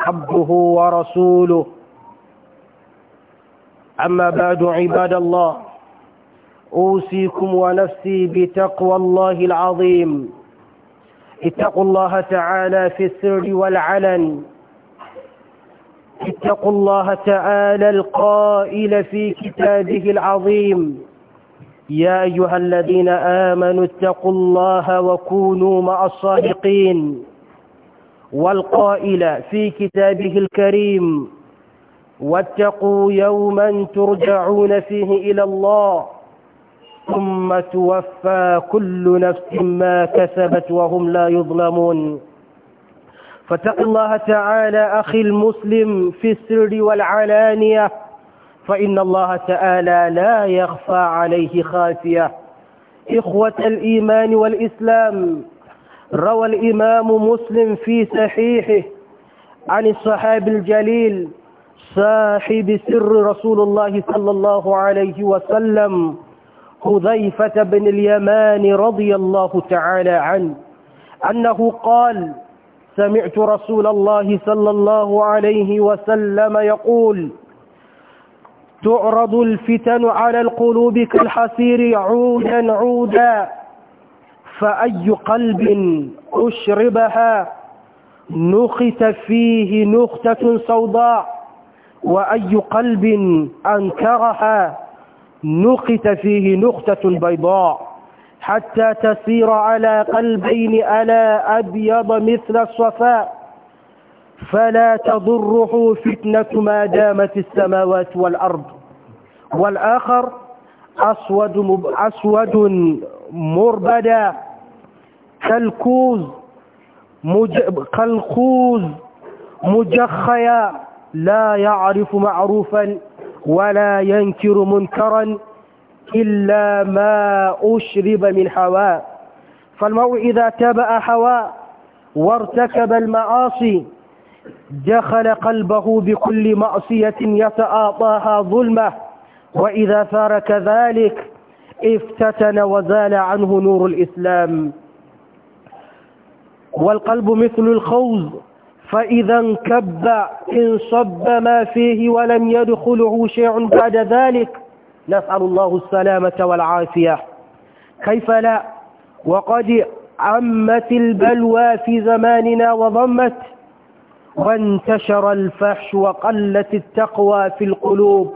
عبده ورسوله أما بعد عباد الله أوصيكم ونفسي بتقوى الله العظيم اتقوا الله تعالى في السر والعلن اتقوا الله تعالى القائل في كتابه العظيم يا أيها الذين آمنوا اتقوا الله وكونوا مع الصادقين والقائل في كتابه الكريم واتقوا يوما ترجعون فيه إلى الله ثم توفى كل نفس ما كسبت وهم لا يظلمون فتق الله تعالى أخي المسلم في السر والعلانية فإن الله تعالى لا يخفى عليه خافية إخوة الإيمان والإسلام روى الإمام مسلم في صحيحه عن الصحابي الجليل صاحب سر رسول الله صلى الله عليه وسلم حذيفة بن اليمان رضي الله تعالى عنه أنه قال سمعت رسول الله صلى الله عليه وسلم يقول تعرض الفتن على القلوب كالحصير عودا عودا فأي قلب أشربها نخت فيه نختة سوداء وأي قلب أنكرها نخت فيه نختة بيضاء حتى تسير على قلبين ألا أبيض مثل الصفاء فلا تضره فتنة ما دامت السماوات والأرض والآخر أسود, أسود مربدا كالكوز مج... كالكوز مجخيا لا يعرف معروفا ولا ينكر منكرا إلا ما أشرب من حواء فالمرء إذا تبأ حواء وارتكب المعاصي دخل قلبه بكل معصية يتآطاها ظلمة وإذا فارك ذلك افتتن وزال عنه نور الإسلام والقلب مثل الخوز فإذا انكب انصب ما فيه ولم يدخله شيء بعد ذلك نسأل الله السلامة والعافية كيف لا وقد عمت البلوى في زماننا وضمت وانتشر الفحش وقلت التقوى في القلوب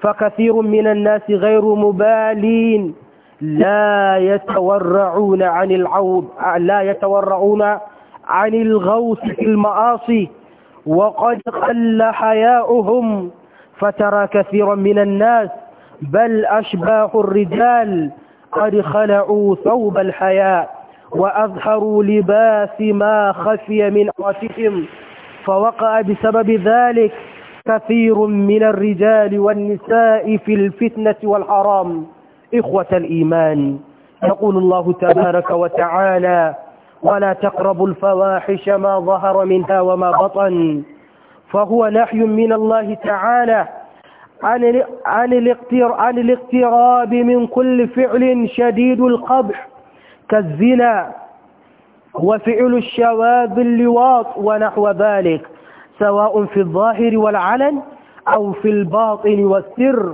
فكثير من الناس غير مبالين لا يتورعون عن العوض لا يتورعون عن الغوث في المعاصي وقد قل حياؤهم فترى كثيرا من الناس بل أشباه الرجال قد خلعوا ثوب الحياء وأظهروا لباس ما خفي من عاتهم فوقع بسبب ذلك كثير من الرجال والنساء في الفتنة والحرام إخوة الإيمان يقول الله تبارك وتعالى ولا تقربوا الفواحش ما ظهر منها وما بطن فهو نحي من الله تعالى عن الاقتراب من كل فعل شديد القبح كالزنا وفعل الشواذ اللواط ونحو ذلك سواء في الظاهر والعلن أو في الباطن والسر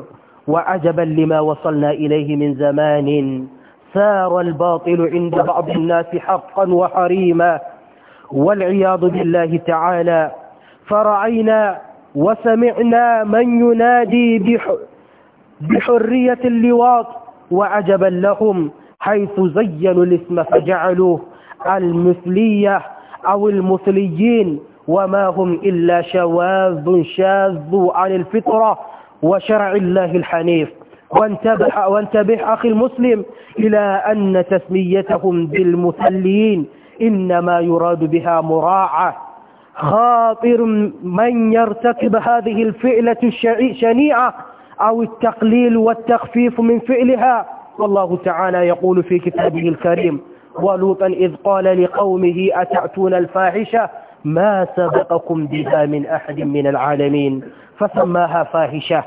وعجبا لما وصلنا إليه من زمان سار الباطل عند بعض الناس حقا وحريما والعياذ بالله تعالى فرعينا وسمعنا من ينادي بحرية اللواط وعجبا لهم حيث زينوا الاسم فجعلوه المثلية أو المثليين وما هم إلا شواذ شاذ عن الفطرة وشرع الله الحنيف وانتبه, وانتبه أخي المسلم إلى أن تسميتهم بالمثليين إنما يراد بها مراعة خاطر من يرتكب هذه الفئلة الشنيعة أو التقليل والتخفيف من فعلها والله تعالى يقول في كتابه الكريم ولوطا إذ قال لقومه أتأتون الفاحشة ما سبقكم بها من أحد من العالمين فسماها فاهشة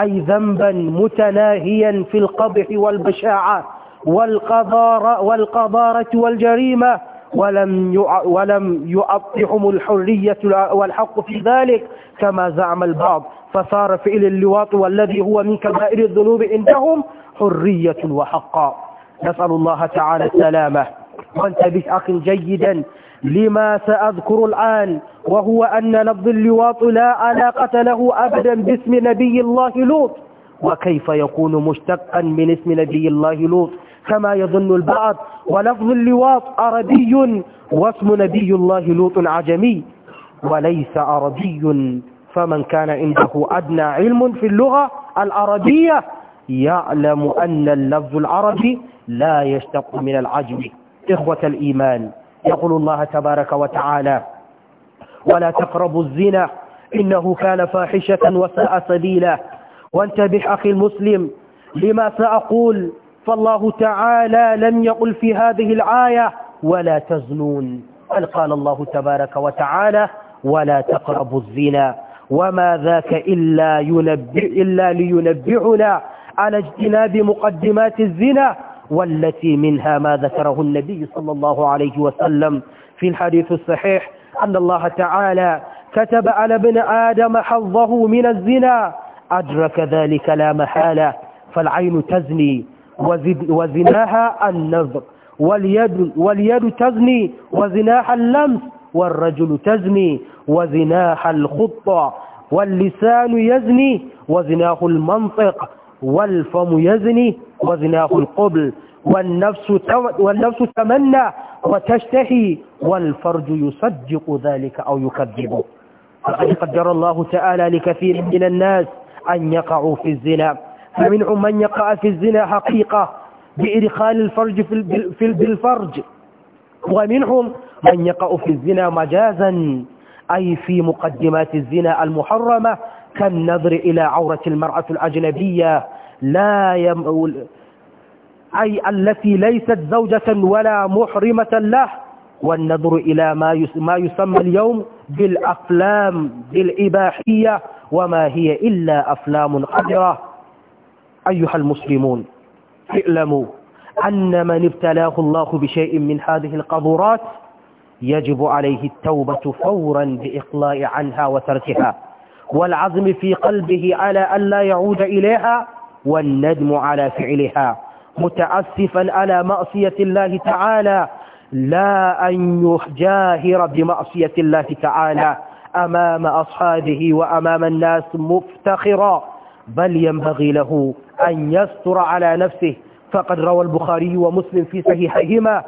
أي ذنبا متناهيا في القبح والبشاعة والقضارة والقذارة والجريمة ولم ولم يؤطعهم الحرية والحق في ذلك كما زعم البعض فصار فعل اللواط والذي هو من كبائر الذنوب عندهم حرية وحقا نسأل الله تعالى السلامة وانتبه أخ جيدا لما سأذكر الآن وهو أن لفظ اللواط لا علاقة له أبدا باسم نبي الله لوط وكيف يكون مشتقا من اسم نبي الله لوط كما يظن البعض ولفظ اللواط عربي واسم نبي الله لوط عجمي وليس عربي فمن كان عنده أدنى علم في اللغة العربية يعلم أن اللفظ العربي لا يشتق من العجم إخوة الإيمان يقول الله تبارك وتعالى ولا تقربوا الزنا إنه كان فاحشة وساء سبيلا وانتبه أخي المسلم لما سأقول فالله تعالى لم يقل في هذه الآية ولا تزنون بل قال الله تبارك وتعالى ولا تقربوا الزنا وما ذاك إلا, ينبئ إلا لينبعنا على اجتناب مقدمات الزنا والتي منها ما ذكره النبي صلى الله عليه وسلم في الحديث الصحيح أن الله تعالى كتب على ابن آدم حظه من الزنا أدرك ذلك لا محالة فالعين تزني وزناها النظر واليد, واليد تزني وزناها اللمس والرجل تزني وزناها الخطة واللسان يزني وزناه المنطق والفم يزني وزناه القبل والنفس, والنفس تمنى وتشتهي والفرج يصدق ذلك أو يكذبه فقد قدر الله تعالى لكثير من الناس أن يقعوا في الزنا فمنهم من يقع في الزنا حقيقة بإدخال الفرج في الفرج ومنهم من يقع في الزنا مجازا أي في مقدمات الزنا المحرمة كالنظر إلى عورة المرأة الأجنبية لا يم... أي التي ليست زوجة ولا محرمة له والنظر إلى ما ما يسمى اليوم بالأفلام بالإباحية وما هي إلا أفلام قذرة أيها المسلمون اعلموا أن من ابتلاه الله بشيء من هذه القذورات يجب عليه التوبة فورا بإقلاع عنها وتركها والعزم في قلبه على أن لا يعود إليها والندم على فعلها متأسفا على معصية الله تعالى لا أن يجاهر بمعصية الله تعالى أمام أصحابه وأمام الناس مفتخرا بل ينبغي له أن يستر على نفسه فقد روى البخاري ومسلم في صحيحهما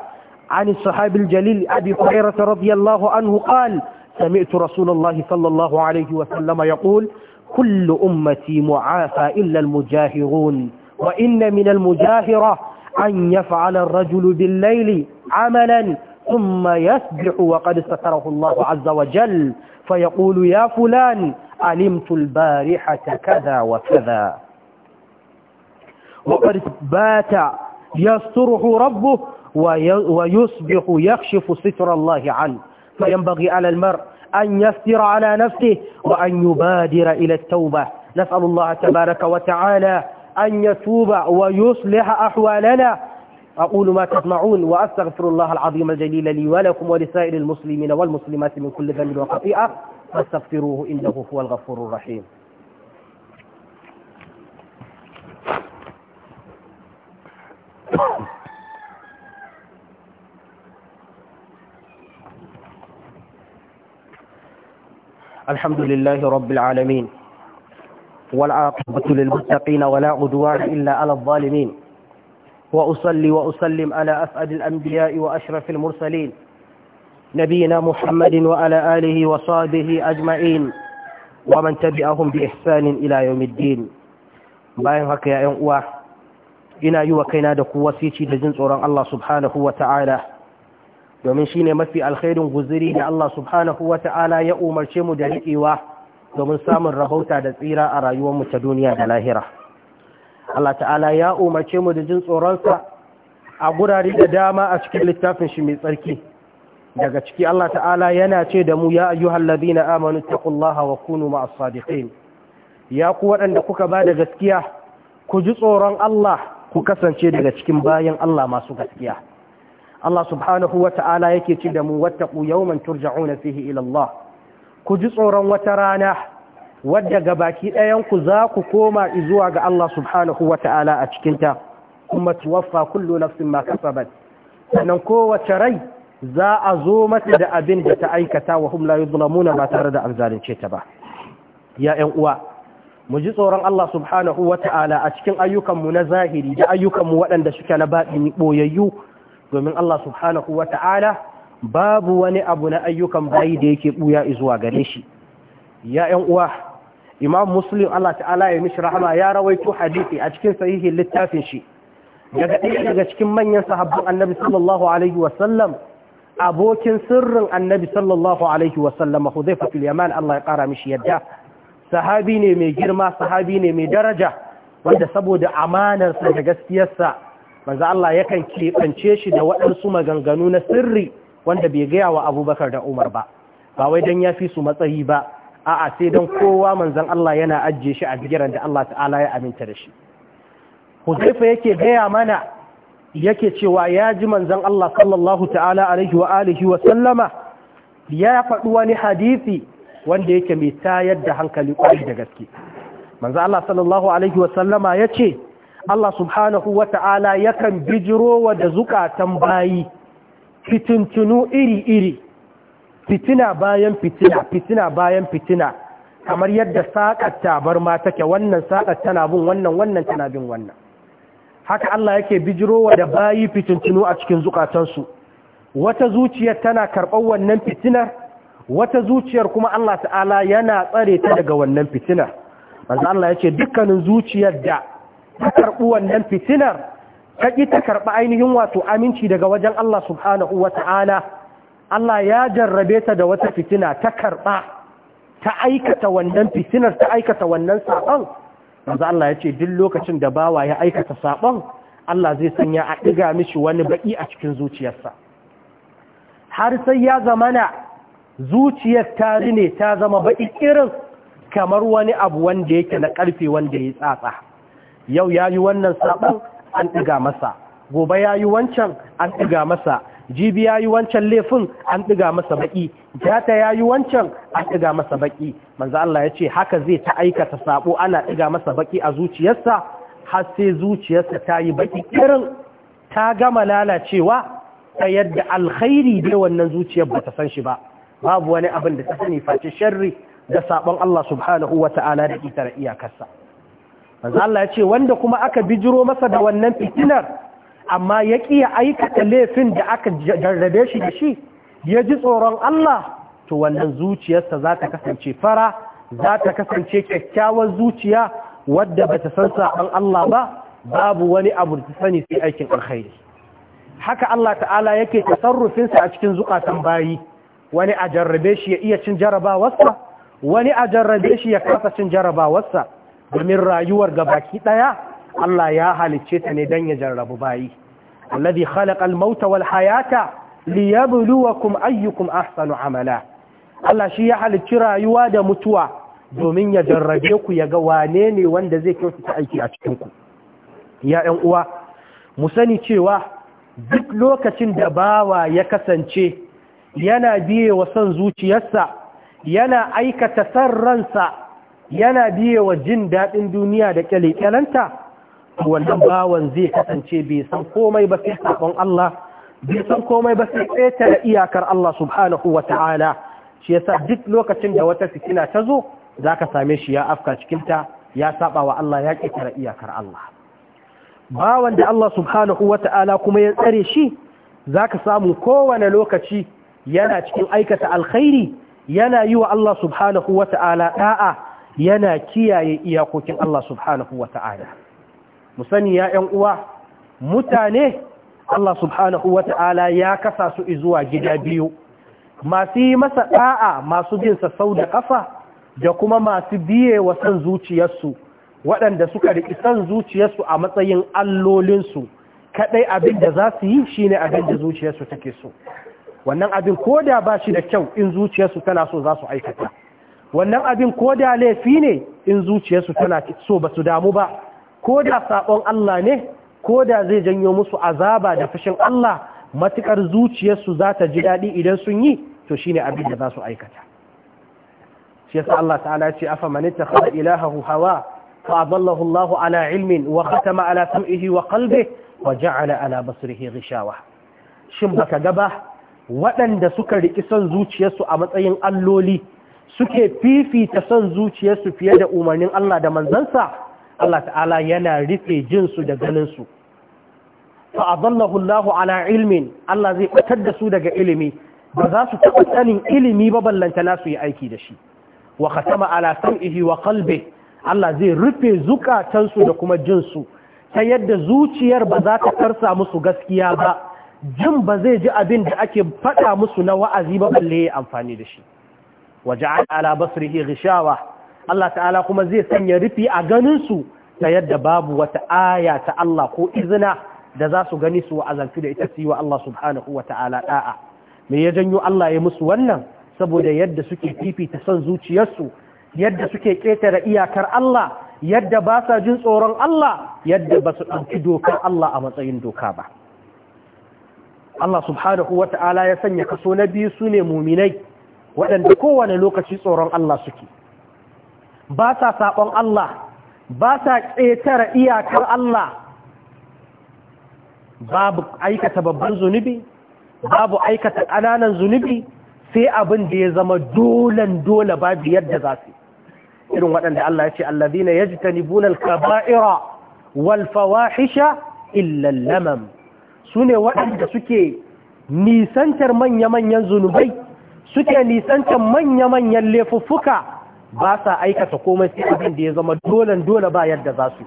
عن الصحابي الجليل أبي هريرة رضي الله عنه قال سمعت رسول الله صلى الله عليه وسلم يقول كل أمتي معافى إلا المجاهرون وإن من المجاهرة أن يفعل الرجل بالليل عملا ثم يسبح وقد ستره الله عز وجل فيقول يا فلان علمت البارحة كذا وكذا وقد بات يستره ربه ويصبح يكشف ستر الله عنه فينبغي على المرء أن يفتر على نفسه وأن يبادر إلى التوبة نسأل الله تبارك وتعالى أن يتوب ويصلح أحوالنا أقول ما تسمعون وأستغفر الله العظيم الجليل لي ولكم ولسائر المسلمين والمسلمات من كل ذنب وخطيئة فاستغفروه إنه هو الغفور الرحيم Oh. الحمد لله رب العالمين والعاقبة للمتقين ولا عدوان إلا على الظالمين وأصلي وأسلم على أسعد الأنبياء وأشرف المرسلين نبينا محمد وعلى آله وصحبه أجمعين ومن تبعهم بإحسان إلى يوم الدين bayan haka يا uwa ina yi wa kaina da ku wasici da jin domin shine mafi alkhairin guziri da Allah subhanahu wata'ala ya umarce mu da riƙewa domin samun rahauta da tsira a rayuwar mu ta duniya da lahira Allah ta'ala ya umarce mu da jin tsoronsa a gurare da dama a cikin littafin shi mai tsarki daga ciki Allah ta'ala yana ce da mu ya ayyuhal ladina amanu taqullaha wa kunu ma'as sadiqin ya ku waɗanda kuka ba da gaskiya ku ji tsoron Allah ku kasance daga cikin bayan Allah masu gaskiya Allah subhanahu wa ta'ala yake ci da mu wattaqu yawman turja'u fihi ila Allah ku ji tsoron wata rana wadda ga ɗayan ku za ku koma izuwa ga Allah subhanahu wa ta'ala a cikinta, kuma tuwaffa kullu nafsin ma kasabat sannan kowace rai za a zo mata da abin da ta aikata wa hum la yuzlamuna ba tare da an zalunce ta ba ya yan uwa mu ji tsoron Allah subhanahu wa ta'ala a cikin ayyukanmu na zahiri da ayyukanmu waɗanda suke na baɗi ɓoyayyu domin Allah subhanahu wa ta'ala babu wani abu na ayyukan bayi da yake buya zuwa gare shi ya uwa imam muslim Allah ta'ala ya mishi rahama ya rawaito hadisi a cikin sahihin littafin shi daga ɗaya daga cikin manyan sahabban annabi sallallahu alaihi wa sallam abokin sirrin annabi sallallahu alaihi wa sallam Hudhayfa Allah ya kara mishi yadda sahabi ne mai girma sahabi ne mai daraja wanda saboda amanarsa da gaskiyarsa manzo Allah yakan keɓance shi da waɗansu maganganu na sirri wanda bai gaya wa abubakar da umar ba ba wai don ya fi su matsayi ba a'a sai don kowa manzo Allah yana ajiye shi a bigiran da Allah ta'ala ya aminta da shi Huzaifa yake gaya mana yake cewa ya ji manzo Allah sallallahu ta'ala alaihi wa alihi wa sallama ya faɗi wani hadisi wanda yake mai tayar da hankali ƙwari da gaske manzon Allah sallallahu alaihi wa sallama ya ce Allah subhanahu wa ta'ala yakan bijiro wa da zukatan bayi fitintunu iri-iri fitina bayan fitina fitina bayan fitina kamar yadda saƙar tabar ma take wannan saƙar tana bin wannan wannan tana bin wannan haka Allah yake wa da bayi fitintunu a cikin zukatansu wata zuciyar tana karɓar wannan fitinar wata zuciyar kuma Allah ta'ala yana tsare ta daga wannan fitinar manzo ya ce dukkanin zuciyar da ta karɓi wannan fitinar ka ƙi ta karɓi ainihin wato aminci daga wajen Allah subhanahu wa ta'ala Allah ya jarrabe ta da wata fitina ta karɓa ta aikata wannan fitinar ta aikata wannan saɓon Yanzu Allah ya ce duk lokacin da bawa ya aikata saɓon Allah zai sanya a ɗiga mishi wani baƙi a cikin zuciyarsa har sai ya zama na zuciyar ta ne ta zama baƙi irin kamar wani abu wanda yake na ƙarfe wanda ya tsatsa yau ya yi wannan saɓon an ɗiga masa gobe ya yi wancan an ɗiga masa jibi ya yi wancan laifin an ɗiga masa baƙi jata ya yi wancan an ɗiga masa baƙi manzo Allah ya ce haka zai ta aikata saɓo ana ɗiga masa baƙi a zuciyarsa har sai zuciyarsa ta yi baƙi irin ta gama lalacewa ta yadda alkhairi dai wannan zuciyar ba ta san shi ba babu wani abin da ta sani face sharri da saɓon Allah subhanahu wa ta'ala da ita da iyakarsa manzo Allah ya ce wanda kuma aka bijiro masa da wannan fitinar amma ya kiya aikata laifin da aka jarrabe shi da shi ya ji tsoron Allah to wannan zuciyarsa za ta kasance fara za ta kasance kyakkyawar zuciya wadda bata san saban Allah ba babu wani abu da ta sani sai aikin alkhairi haka Allah ta'ala yake tasarrufinsa a cikin zukatan bayi wani a jarrabe shi ya iya cin jarabawarsa wani a jarrabe shi ya kasa cin jarabawarsa domin rayuwar ga baki ɗaya Allah ya halicce ta ne don ya jarrabu bayi alladhi khalaqal mauta wal hayata liyabluwakum ayyukum ahsanu amala Allah shi ya halicci rayuwa da mutuwa domin ya jarrabe ku ya ga wane ne wanda zai ta aiki a cikin ku ya ƴan uwa mu sani cewa duk lokacin da bawa ya kasance yana biye wa son zuciyarsa yana aikata san ransa yana biye wa jin daɗin duniya da ƙyale-ƙyalenta wannan bawan zai kasance bai san komai ba sai saƙon Allah bai san komai ba sai ƙetare iyakar Allah subhanahu wa ta'ala shi yasa duk lokacin da wata fitina ta zo za ka same shi ya afka cikinta ya saba wa Allah ya ƙetare iyakar Allah bawan da Allah subhanahu wa ta'ala kuma ya tsare shi za ka samu kowane lokaci yana cikin aikata alkhairi yana yi wa Allah subhanahu wa ta'ala ɗa'a yana kiyaye iyakokin Allah subhanahu wa ta'ala musani ya ‘yan uwa mutane Allah subhanahu wa ta'ala ya kasa su zuwa gida biyu masu yi masa ɗa'a masu sa sau da ƙafa da kuma masu biye wa san zuciyarsu waɗanda suka riƙi san zuciyarsu a matsayin allolinsu kaɗai abin da za su yi shi ne abin da zuciyarsu take so wannan abin ko da ba shi da kyau in zuciyarsu tana so za su aikata wannan abin ko da laifi ne in zuciyarsu tana so ba su damu ba ko da saɓon Allah ne ko da zai janyo musu azaba da fushin Allah matukar zuciyarsu za ta ji daɗi idan sun yi to shine abin da za su aikata shi yasa Allah ta'ala ce afa man ittakhadha ilahahu hawa fa adallahu Allah ala ilmin wa khatama ala sam'ihi wa qalbihi wa ja'ala ala basrihi ghishawa shin baka ga ba waɗanda suka riki son zuciyarsu a matsayin alloli suke fifita son zuciyarsu fiye da umarnin Allah da manzansa Allah ta'ala yana rufe jinsu da ganinsu fa adallahu Hullahu ala ilmin Allah zai ɓatar da su daga ilimi ba za su taɓa tsanin ilimi ba ballanta na su yi aiki da shi wa khatama ala sam'ihi wa kalbe, Allah zai rufe zukatansu da kuma jinsu ta yadda zuciyar ba za ta karsa musu gaskiya ba jin ba zai ji abin da ake faɗa musu na wa'azi ba balle ya amfani da shi waja'al ala basrihi ghishawa Allah ta'ala kuma zai sanya rufi a ganin su ta yadda babu wata aya ta Allah ko izina da za su gani su azalfi da ita siwa Allah subhanahu wa ta'ala da'a me ya janyo Allah ya musu wannan saboda yadda suke fifita son zuciyarsu yadda suke ƙetare iyakar Allah yadda ba sa jin tsoron Allah yadda ba su ɗauki dokar Allah a matsayin doka ba Allah subhanahu wata'ala ta'ala ya sanya kaso na biyu su ne muminai waɗanda kowane lokaci tsoron Allah suke ba sa saɓon Allah ba sa ƙetare iyakar Allah babu aikata babban zunubi babu aikata ƙananan zunubi sai abin da ya zama dolan dole babu yadda za su irin waɗanda Allah ya ce allazina yajtanibuna al-kaba'ira wal fawahisha illa lamam sune waɗanda suke nisantar manya-manyan zunubai suke nisantar manya-manyan laifuffuka ba sa aikata komai sai abin da ya zama dole dole ba yadda za su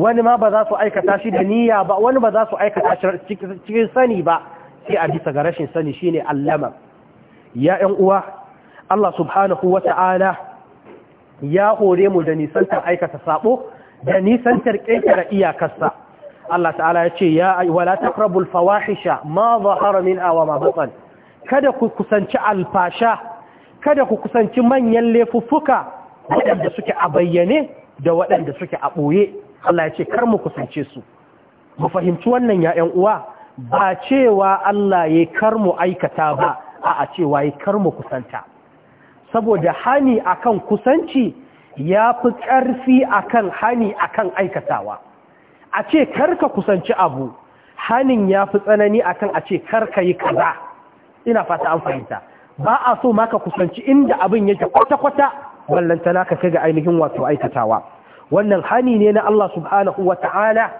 wani ma ba za su aikata shi da niyya ba wani ba za su aikata cikin sani ba sai a bisa ga rashin sani shine allama ya uwa Allah subhanahu wata'ala ya hore mu da nisantar aikata saɓo da nisantar ƙetare iyakarsa Allah ta'ala ya ce ya wala taqrabul fawahisha ma zahara minha awa ma batan kada ku kusanci alfasha kada ku kusanci manyan laifuffuka waɗanda suke a bayyane da waɗanda suke a ɓoye Allah ya ce kar mu kusance su mu fahimci wannan 'ya'yan uwa ba cewa Allah ya kar mu aikata ba a a cewa ya kar mu kusanta saboda hani akan kusanci ya fi ƙarfi akan hani akan aikatawa a ce ka kusanci abu hanin ya fi tsanani akan a ce ka yi kaza ina fata an fahimta ba a so maka kusanci inda abin yake kwata-kwata ballantana ka kai ga ainihin wato aikatawa wannan hani ne na Allah subhanahu wa ta'ala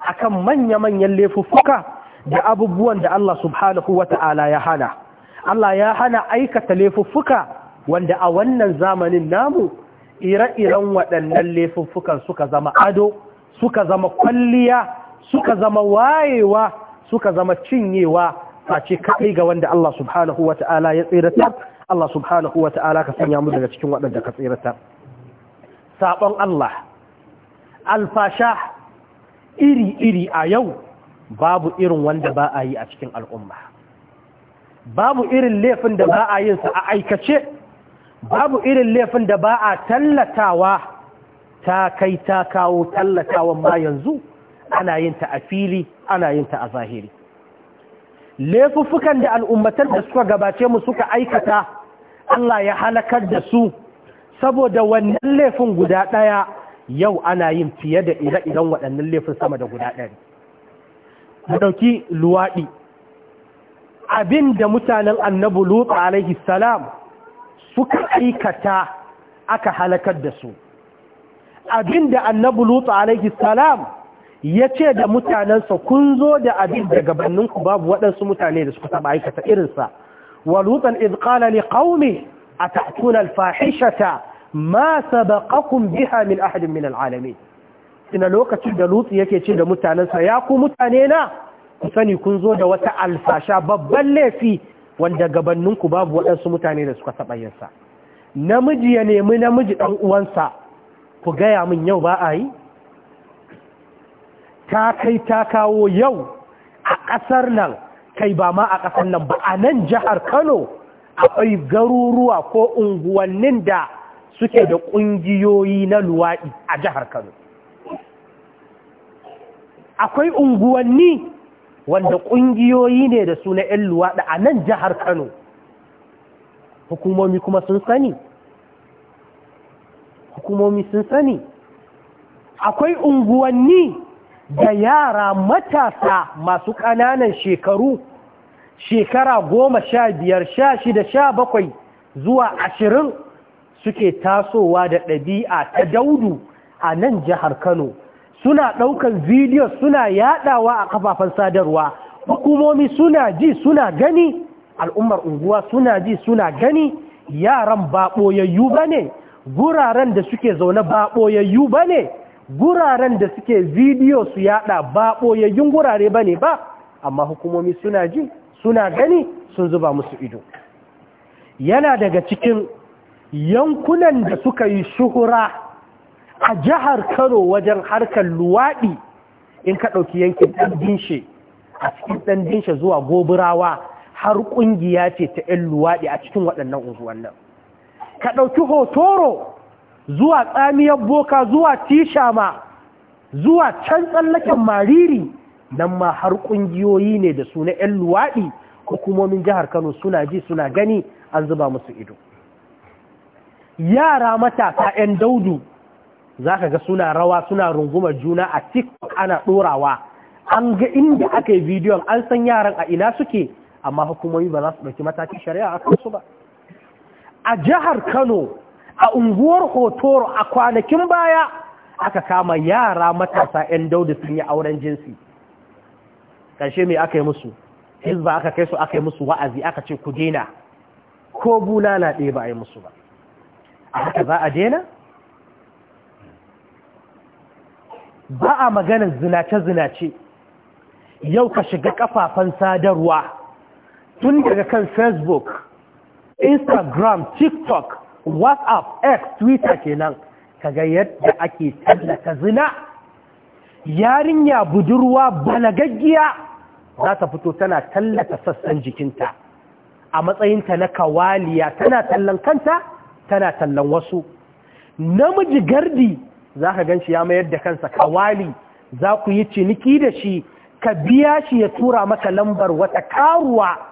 akan manya-manyan laifuffuka da abubuwan da Allah subhanahu wa ta'ala ya hana Allah ya hana aikata laifuffuka wanda a wannan zamanin namu ire-iren waɗannan laifuffukan suka zama ado suka zama kwalliya suka zama wayewa suka zama cinyewa face kaɗai ga wanda Allah subhanahu wa ta'ala ya tsiratar Allah subhanahu wa ta'ala ka sanya mu daga cikin waɗanda ka tsiratar saɓon Allah alfasha iri-iri a yau babu irin wanda ba a yi a cikin al'umma babu irin laifin da ba a yinsa a aikace babu irin laifin da ba a tallatawa ta kai ta kawo tallatawan ma yanzu ana yin ta a fili ana yin ta a zahiri laifuffukan da al'ummatan da suka gabace mu suka aikata Allah ya halakar da su saboda wannan laifin guda ɗaya yau ana yin fiye da ire-iren waɗannan laifin sama da guda ɗari. Mu ɗauki luwaɗi, abin da mutanen annabu Lutsa alaihi salam suka aikata aka halakar da su. Abin da annabu Lutsa alaihi salam ya ce da mutanensa kun zo da abin da gabaninku babu waɗansu mutane da suka taɓa aikata irinsa walutan izkala ne ƙaumi a ta'tun fahishata ma sabaqakum biha min ahadin min alalamin ina lokacin da lutsi yake ce da mutanensa ya ku mutane na ku sani kun zo da wata alfasha babban laifi wanda gabaninku babu waɗansu mutane da suka taɓa yinsa namiji ya nemi namiji ɗan uwansa ku gaya min yau ba a yi ta kai ta kawo yau a ƙasar nan kai ba ma a ƙasar nan ba a nan jihar kano akwai garuruwa ko unguwannin da suke da ƙungiyoyi na luwaɗi a jihar kano akwai unguwanni wanda ƙungiyoyi ne da suna 'yan luwaɗi a nan jihar kano hukumomi kuma sun sani hukumomi sun sani akwai unguwanni da yara matasa masu ƙananan shekaru shekara goma sha biyar sha shida sha bakwai zuwa ashirin suke tasowa da ɗabi'a ta daudu a nan jihar kano suna ɗaukan bidiyo suna yaɗawa a kafafen sadarwa hukumomi suna ji suna gani al'ummar unguwa suna ji suna gani yaran ba ɓoyayyu ba ne guraren da suke zaune ba ɓoyayyu ba ne guraren da suke bidiyo su yada ba ɓoyayyun gurare ba ne ba amma hukumomi suna ji suna gani sun zuba musu ido yana daga cikin yankunan da suka yi shuhura a jihar kano wajen harkar luwaɗi in ka ɗauki yankin ɗan dinshe a cikin ɗan dinshe zuwa goburawa har ƙungiya ce ta 'yan luwaɗi a cikin waɗannan unguwannan. ka ɗauki hotoro zuwa tsamiyar boka zuwa tishama zuwa can tsallaken mariri nan ma har ƙungiyoyi ne da su na 'yan luwaɗi hukumomin jihar kano suna ji suna gani an zuba musu ido yara matasa 'yan daudu za ka ga suna rawa suna rungumar juna a tiktok ana ɗorawa an ga inda aka yi bidiyon an san yaran a ina suke amma hukumomi ba za su ɗauki matakin shari'a a kansu ba a jihar kano a unguwar hotor a kwanakin baya aka kama yara matasa 'yan daudu sun yi auren jinsi ƙarshe mai aka yi musu hizba aka kai su aka yi musu wa'azi aka ce ku dina ko bulala ɗaya ba a yi musu ba a haka za a dina ba a maganin zinace-zinace yau ka shiga kafafen sadarwa tun daga kan facebook instagram tiktok whatsapp x twitter kenan ga yadda ake tallata zina yarinya budurwa balagaggiya za ta fito tana tallata sassan jikinta a matsayinta na kawaliya tana tallan kanta tana tallan wasu namiji gardi za ka gan shi ya mayar da kansa kawali za ku yi ciniki da shi ka biya shi ya tura maka lambar wata karuwa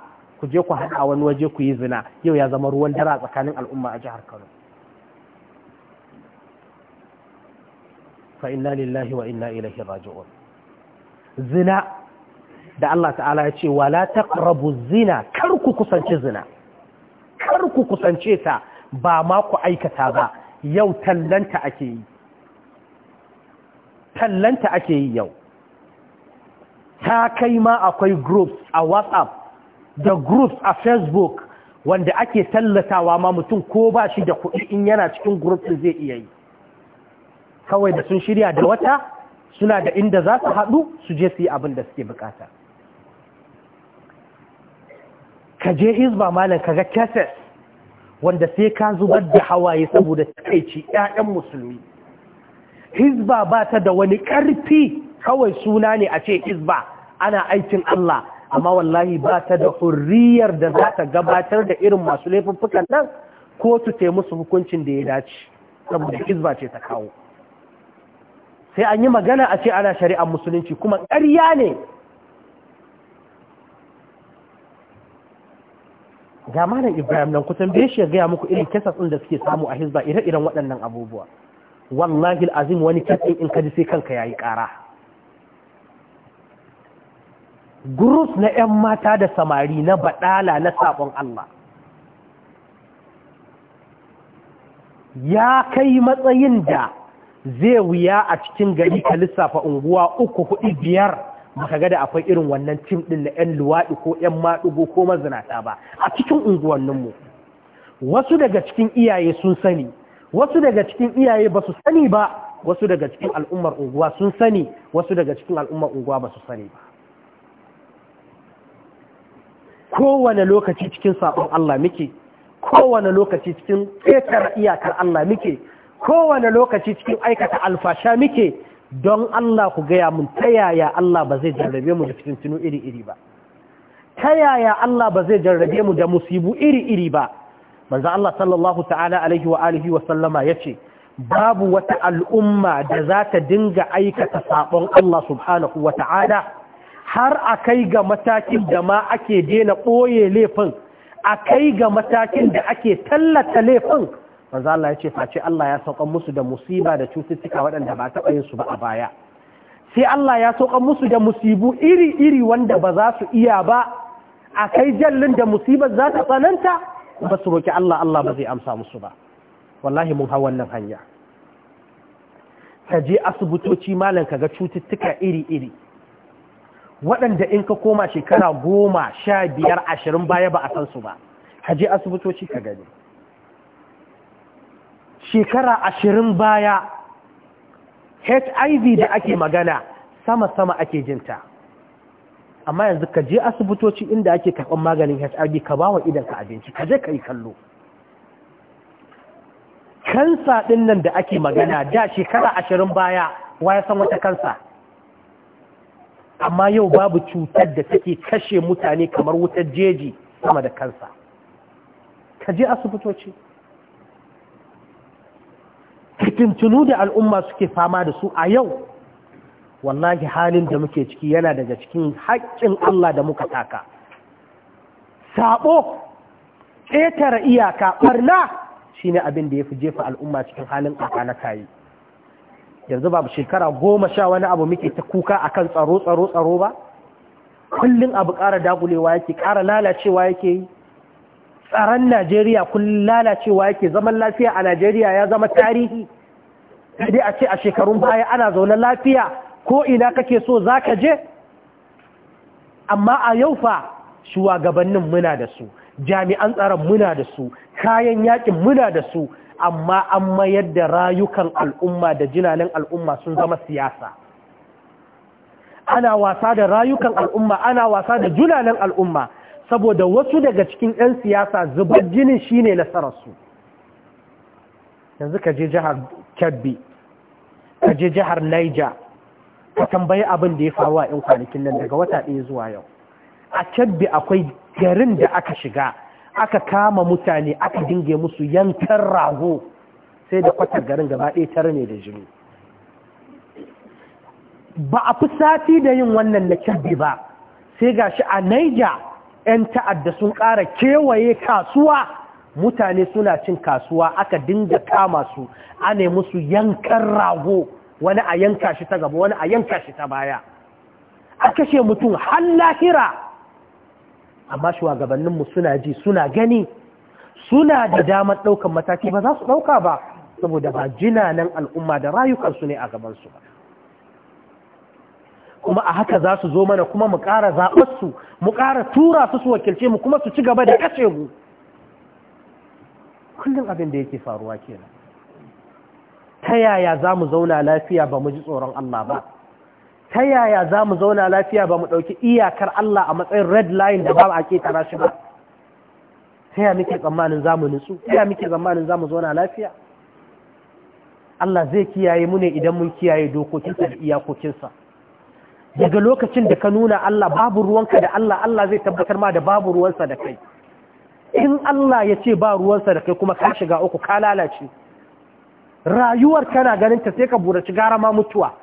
ku je ku haɗa wani waje ku yi zina yau ya zama ruwan dare a tsakanin al'umma a jihar Kano fa inna lillahi wa inna ilaihi zina da Allah ta'ala ya ce wala rabu zina kar ku kusanci zina kar ku kusance ta ba ma ku aikata ba yau tallanta ake yi tallanta ake yi yau ta kai ma akwai groups a WhatsApp da group a facebook wanda ake tallatawa ma mutum ko ba shi da kuɗi in yana cikin group zai iya yi kawai da sun shirya da wata suna da inda za su haɗu su je su yi abin da suke bukata ka je izba malam ka ga cases wanda sai ka zubar da hawaye saboda takaici 'ya'yan musulmi hizba ba ta da wani ƙarfi kawai suna ne a ce hizba ana aikin Allah amma wallahi ba ta da hurriyar da za ta gabatar da irin masu laifuffukan nan kotu ta musu hukuncin da ya dace saboda hizba ce ta kawo sai an yi magana a ce ana shari'ar musulunci kuma ƙarya ne ga ibrahim nan kusan bai shi ya gaya muku irin kesas ɗin da suke samu a hizba ire-iren waɗannan abubuwa wallahi azim wani kesin in kaji sai kanka yi ƙara gurus na 'yan mata da samari na baɗala na sabon Allah ya kai matsayin da zai wuya a cikin gari ka lissafa unguwa uku hudu biyar baka ga da akwai irin wannan tim ɗin na 'yan luwaɗi ko 'yan maɗugo ko mazinata ba a cikin unguwanninmu wasu daga cikin iyaye sun sani wasu daga cikin iyaye ba su sani ba wasu daga cikin al'ummar unguwa sun sani wasu daga cikin al'ummar unguwa ba su sani ba kowane lokaci cikin saƙon Allah muke kowane lokaci cikin ƙetar iyakar Allah muke kowane lokaci cikin aikata alfasha muke don Allah ku gaya mun ta yaya Allah ba zai jarrabe mu da cikin tunu iri-iri ba ta yaya Allah ba zai jarrabe mu da musibu iri-iri ba manzo Allah sallallahu ta'ala alaihi wa alihi wa sallama ce, babu wata al'umma da za ta dinga aikata saɓon Allah subhanahu wa ta'ala har a kai ga matakin da ma ake dena ɓoye laifin a kai ga matakin da ake tallata laifin manzo Allah ya ce face Allah ya saukan musu da musiba da cututtuka waɗanda ba taɓa yin su ba a baya sai Allah ya saukan musu da musibu iri-iri wanda ba za su iya ba a kai jallin da musibar za ta tsananta ba su roƙi Allah Allah ba zai amsa musu ba wallahi mun hau wannan hanya ka je asibitoci malam ka ga cututtuka iri-iri waɗanda in ka koma shekara goma sha biyar ashirin baya ba a san su ba haji asibitoci ka gani shekara ashirin baya hiv da ake magana sama-sama ake jinta amma yanzu ka je asibitoci inda ake karɓar maganin hiv ka ba wa idanka abinci ka je ka yi kallo kansa ɗin nan da ake magana da shekara ashirin baya wa ya san wata kansa amma yau babu cutar da take kashe mutane kamar wutar jeji sama da kansa ka je asibitoci fitintunu da al'umma suke fama da su a yau wallahi halin da muke ciki yana daga cikin haƙƙin Allah da muka taka Sabo ƙetare iyaka ɓarna shine abin da ya fi jefa al'umma cikin halin ƙaƙa na kayi yanzu babu shekara goma sha wani abu muke ta kuka a kan tsaro tsaro tsaro ba kullum abu ƙara dagulewa yake ƙara lalacewa yake yi tsaron najeriya kullum lalacewa yake zaman lafiya a najeriya ya zama tarihi dai a ce a shekarun baya ana zaune lafiya ko ina kake so za ka je amma a yau fa shugabannin muna da su jami'an tsaron muna da su kayan yakin muna da su amma an mayar da rayukan al'umma da jinanin al'umma sun zama siyasa ana wasa da rayukan al'umma ana wasa da jinanin al'umma saboda wasu daga cikin 'yan siyasa zubar jinin shine nasararsu yanzu ka je jihar kebbi ka je jihar niger ka tambayi abin da ya faru a 'yan kwanakin nan daga wata ɗaya zuwa yau a kebbi akwai garin da aka shiga aka kama mutane aka dinge musu yankan rago sai da kwatar garin gaba ɗaya tare ne da jini ba a fi sati da yin wannan na kyabbi ba sai ga shi a naija 'yan ta'adda sun ƙara kewaye kasuwa mutane suna cin kasuwa aka dinga kama su ana musu yankan rago wani a yanka shi ta gaba wani a yanka shi ta baya a kashe mutum har lahira amma shugabanninmu suna ji suna gani suna da damar ɗaukan mataki ba za su ɗauka ba saboda ba jina nan al'umma da rayukansu ne a gabansu ba kuma a haka za su zo mana kuma mu ƙara zaɓarsu mu ƙara tura su su wakilce mu kuma su ci gaba da kashe mu kullum abin da yake faruwa kenan ta yaya za mu zauna lafiya ba mu ji tsoron Allah ba ta yaya za mu zauna lafiya ba mu ɗauki iyakar Allah a matsayin red line da ba a tara shi ba ta yaya muke tsammanin za mu nutsu ta yaya muke tsammanin za mu zauna lafiya Allah zai kiyaye mu ne idan mun kiyaye dokokinsa da iyakokinsa daga lokacin da ka nuna Allah babu ruwanka da Allah Allah zai tabbatar ma da babu ruwansa da kai in Allah ya ce ba ruwansa da kai kuma ka shiga uku ka lalace rayuwar kana ganin ta sai ka buraci gara ma mutuwa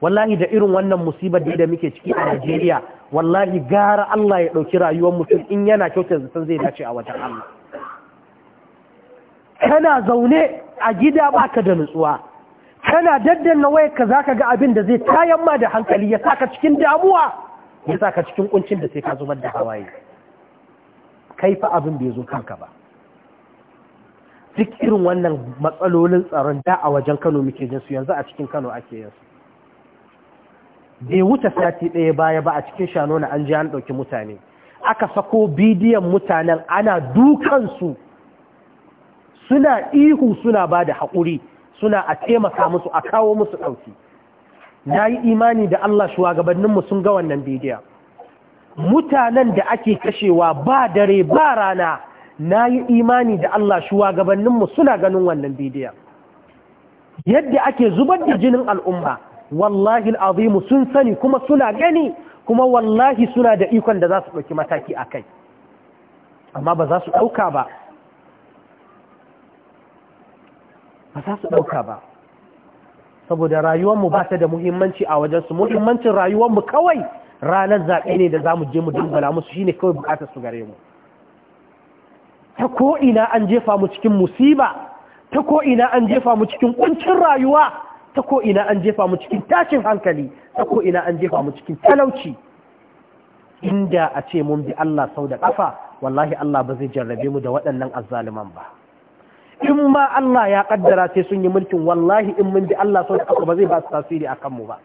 wallahi da irin wannan musibar da da muke ciki a Najeriya wallahi gara Allah ya ɗauki rayuwar mutum in yana kyautar san zai dace a wajen Allah kana zaune a gida baka da nutsuwa kana daddanna wayarka zaka ga abin da zai tayar ma da hankali ya saka cikin damuwa ya saka cikin kuncin da sai ka zubar da hawaye kai fa abin bai zo kanka ba duk irin wannan matsalolin tsaron da a wajen Kano muke jin su yanzu a cikin Kano ake yansu bai wuce sati ɗaya baya ba a cikin shanona an ji an ɗauki mutane aka sako bidiyon mutanen ana dukansu suna ihu suna ba da haƙuri suna a taimaka musu a kawo musu ɗauki na yi imani da Allah shugabanninmu sun ga wannan bidiyon mutanen da ake kashewa ba dare ba rana na yi imani da Allah shugabanninmu suna ganin wannan bidiyon yadda ake zubar da jinin al'umma wallahi al'azimu sun sani kuma suna gani kuma wallahi suna da ikon da za su ɗauki mataki a kai amma ba za su ɗauka ba ba za su ɗauka ba saboda rayuwanmu ba ta da muhimmanci a wajensu muhimmancin rayuwanmu kawai ranar zaɓe ne da za mu je mu dingala musu ne kawai bukatar su gare mu ta ko'ina an jefa mu cikin musiba ta ko'ina an jefa mu cikin ƙuncin rayuwa ta ko ina an jefa mu cikin tashin hankali ta ko ina an jefa mu cikin talauci inda a ce mun bi Allah sau da kafa wallahi Allah ba zai jarrabe mu da waɗannan azzaliman ba in ma Allah ya kaddara sai sun yi mulkin wallahi in mun bi Allah sau da kafa ba zai ba su tasiri akan mu ba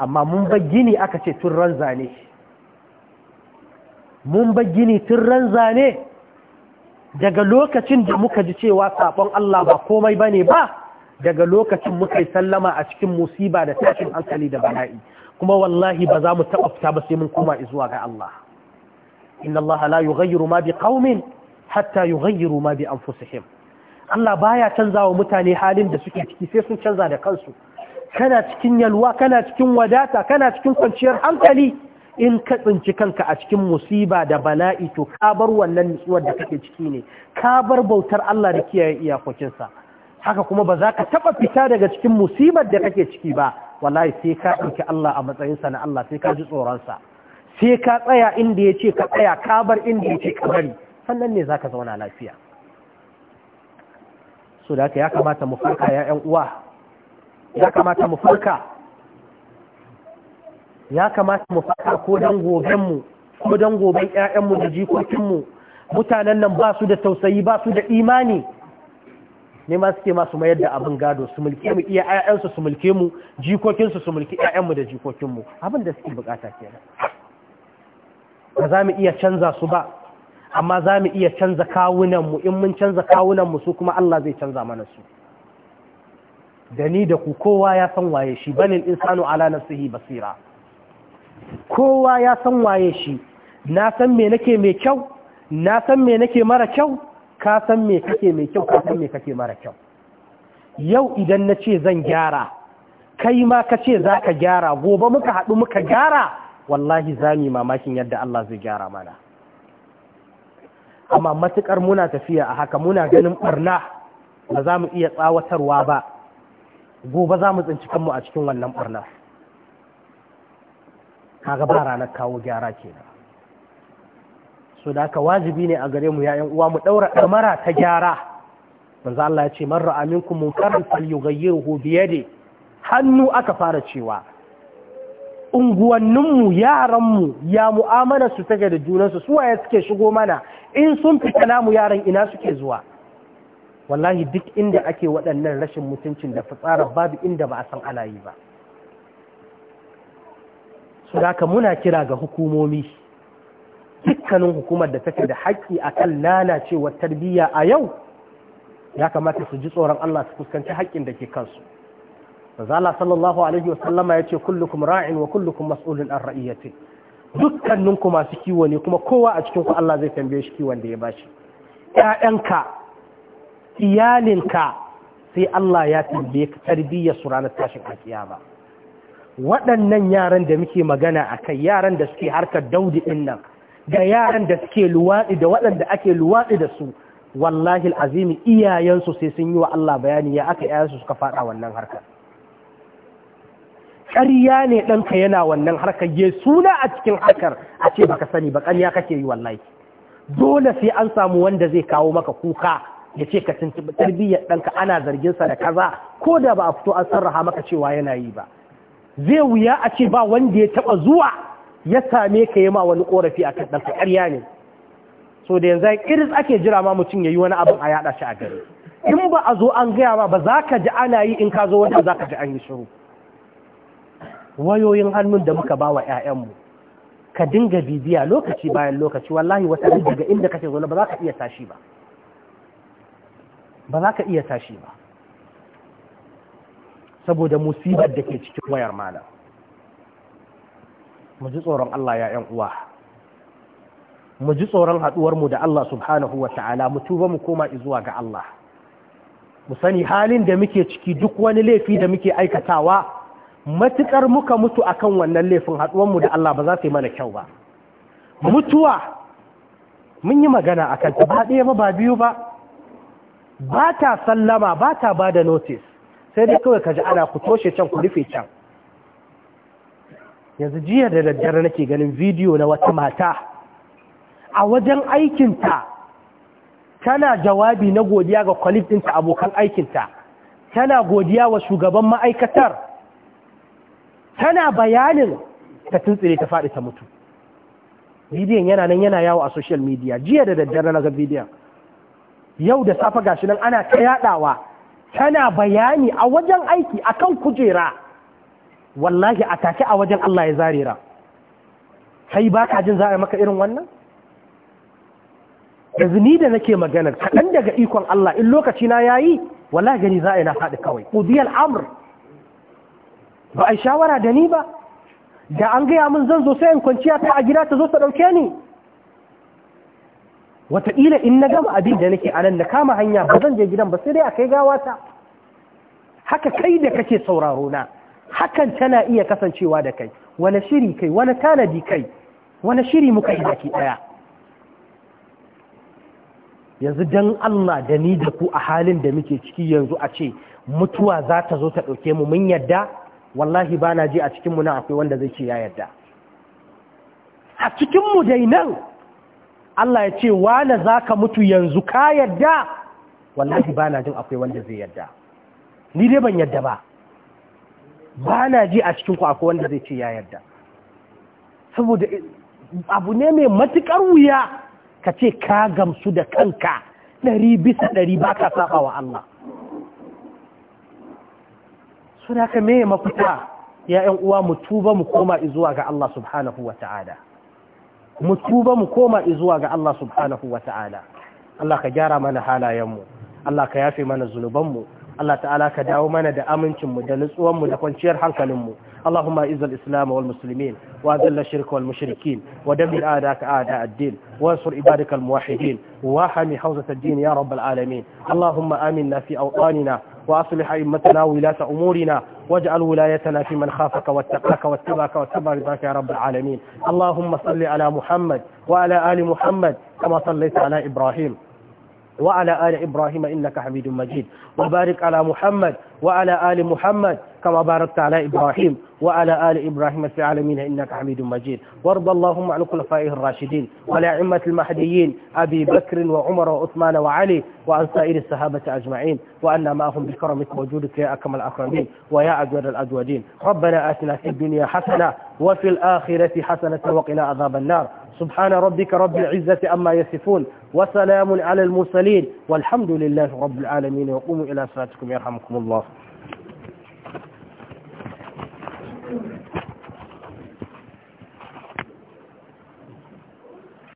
amma mun ba gini aka ce tun zane. mun ba gini tun zane. daga lokacin da muka ji cewa saƙon Allah ba komai bane ba daga lokacin muka yi sallama a cikin musiba da tashin hankali da bala'i kuma wallahi ba za mu taɓa fita ba sai mun koma zuwa ga Allah inna Allah la yughayyiru ma ƙaumin, hatta yughayyiru ma bi anfusihim Allah baya canzawa mutane halin da suke ciki sai sun canza da kansu kana cikin yalwa kana cikin wadata kana cikin kwanciyar hankali in ka tsinci kanka a cikin musiba da bala'i to ka bar wannan nutsuwar da kake ciki ne ka bar bautar Allah da kiyaye iyakokinsa haka kuma ba za ka taɓa fita daga cikin musibar da kake ciki ba wallahi sai ka ɗauki Allah a matsayinsa na Allah sai ka ji tsoronsa sai ka tsaya inda ya ce ka tsaya ka bar inda ya ce ka bari sannan ne za ka zauna lafiya so da haka ya kamata mu farka ya uwa ya kamata mu farka ya kamata mu faɗa ko don gobenmu ko don goben 'ya'yanmu da jikokinmu mutanen nan ba su da tausayi ba su da imani ne ma suke masu mayar da abin gado su mulke mu iya 'ya'yansu su mulke mu jikokinsu su mulki 'ya'yanmu da jikokinmu abin da suke bukata kenan ba za mu iya canza su ba amma za mu iya canza kawunanmu in mun canza kawunanmu su kuma Allah zai canza mana su da ni da ku kowa ya san waye shi banin insanu ala nafsihi basira kowa ya san waye shi na san me nake mai kyau na san me nake mara kyau ka san me kake mai kyau ka san me kake mara kyau yau idan na ce zan gyara kai ma ka ce za ka gyara gobe muka haɗu muka gyara wallahi za mu mamakin yadda Allah zai gyara mana amma matukar muna tafiya a haka muna ganin ɓarna ba za mu iya tsawatarwa ba gobe za mu tsinci kanmu a cikin wannan barna. kaga ba ranar kawo gyara kenan so da aka wajibi ne a gare mu yayan uwa mu daura kamara ta gyara manzo Allah ya ce man ra'a minkum munkaran falyughayyiruhu bi yadi hannu aka fara cewa unguwanninmu yaranmu ya mu'amala su take da junansu su waye suke shigo mana in sun fita namu yaran ina suke zuwa wallahi duk inda ake waɗannan rashin mutuncin da fitsarar babu inda ba a san ana yi ba saboda muna kira ga hukumomi dukkanin hukumar da take da haƙƙi akan lalacewa tarbiyya a yau ya kamata su ji tsoron Allah su fuskanci haƙƙin da ke kansu Allah sallallahu alaihi wa ya ce kullukum ra'in wa kullukum mas'ulun an ra'iyyati dukkaninku masu kiwo ne kuma kowa a cikin ku Allah zai tambaye shi kiwon da ya bashi ƴaƴanka iyalinka sai Allah ya tambaye ka tarbiyyar su ranar tashin ba. waɗannan yaran da muke magana a kai yaran da suke harkar daudi ɗin nan ga yaran da suke luwaɗi da waɗanda ake luwaɗi da su wallahi azimi iyayensu sai sun yi wa Allah bayani ya aka iyayensu suka faɗa wannan harkar ƙarya ne ɗanka yana wannan harkar ya suna a cikin harkar a ce baka sani ba ƙarya kake yi wallahi dole sai an samu wanda zai kawo maka kuka ya ce ka tuntuɓi tarbiyyar ɗanka ana zargin sa da kaza ko da ba a fito an sarraha maka cewa yana yi ba zai wuya a ce ba wanda ya taba zuwa ya same ka yi ma wani korafi a kan ɗansa ƙarya ne so da yanzu iris ake jira ma mutum ya yi wani abin a yaɗa shi a gari in ba a zo an gaya ma ba za ka ji ana yi in ka zo wanda za ka ji an yi shiru wayoyin hannun da muka ba wa 'ya'yanmu ka dinga bibiya lokaci bayan lokaci wallahi wata daga inda kake zo ba za ka iya tashi ba ba za ka iya tashi ba saboda musibar da ke cikin wayar malam mu ji tsoron Allah ya ‘yan uwa mu ji tsoron haɗuwarmu da Allah subhanahu wa ta'ala mu tuba mu koma izuwa ga Allah mu sani halin da muke ciki duk wani laifi da muke aikatawa matuƙar muka mutu akan wannan laifin haɗuwarmu da Allah ba za su yi mana kyau ba mutuwa mun yi magana a kanta ba ɗaya ba biyu ba ba ta sallama ba ta ba da notice sai dai kawai ka ji ana ku toshe can ku rufe can yanzu jiya da daddare nake ganin bidiyo na wata mata a wajen aikinta tana jawabi na godiya ga kwalif ɗinta abokan aikinta tana godiya wa shugaban ma'aikatar tana bayanin ta tuntsire ta faɗi ta mutu bidiyon yana nan yana yawo a social media jiya da daddare na ga bidiyon yau da safa gashi nan ana ta yaɗawa tana bayani a wajen aiki a kan kujera wallahi a take a wajen Allah ya zarira kai ba ka jin za maka irin wannan da zini da nake maganar kaɗan daga ikon Allah in lokaci na yayi wallahi gani za a yi na faɗi kawai ƙudiyar amur ba a yi shawara da ni ba da an gaya min zan zo sayan kwanciya ta a gida ta zo ta ɗauke ni wataƙila in na gama abin da nake anan na kama hanya ba zan je gidan ba sai dai a kai gawa ta. haka kai da kake sauraro na hakan tana iya kasancewa da kai wani shiri kai wani tanadi kai wani shiri muka yi daki ɗaya yanzu dan Allah da ni da ku a halin da muke ciki yanzu a ce mutuwa za ta zo ta ɗauke mu mun yadda wallahi ba na je a cikinmu nan akwai wanda zai ce ya yadda a cikinmu dai nan Allah ya ce wane za ka mutu yanzu ka yadda wallahi ba na jin akwai wanda zai yadda ni dai ban yadda ba ba na ji a cikinku akwai wanda zai ce ya yadda saboda eh, abu ne mai matukar wuya ka ce ka gamsu da kanka ɗari bisa ɗari ba ka saba wa Allah suna ka me mafita ya uwa mu tuba mu koma izuwa ga Allah subhanahu wa ta'ada mu tuba mu komai zuwa ga Allah subhanahu wa ta’ala, Allah ka gyara mana halayenmu, Allah ka yafe mana zunubanmu, Allah ta’ala ka dawo mana da amincinmu da nutsuwanmu da kwanciyar hankalinmu, Allahuma izal Islam wal Musulmin, wa zalla shirka wal mushrikin, wa ada ka ada addin, wa ibadikal muwahidin, wa hami hausa ta ya rabbal alamin. Allahumma amin na fi autanina, وأصلح أئمتنا ولاة أمورنا واجعل ولايتنا في من خافك واتقاك واتباك واتبع رضاك يا رب العالمين اللهم صل على محمد وعلى آل محمد كما صليت على إبراهيم وعلى آل إبراهيم إنك حميد مجيد وبارك على محمد وعلى آل محمد كما باركت على إبراهيم وعلى آل إبراهيم في العالمين إنك حميد مجيد وارض اللهم عن خلفائه الراشدين والأئمة المهديين أبي بكر وعمر وعثمان وعلي وعن سائر الصحابة أجمعين وأن معهم بكرمك وجودك يا أكرم الأكرمين ويا أجود الأجودين ربنا آتنا في الدنيا حسنة وفي الآخرة حسنة وقنا عذاب النار سبحان ربك رب العزة أما يصفون وسلام على المرسلين والحمد لله رب العالمين وقوموا إلى صلاتكم يرحمكم الله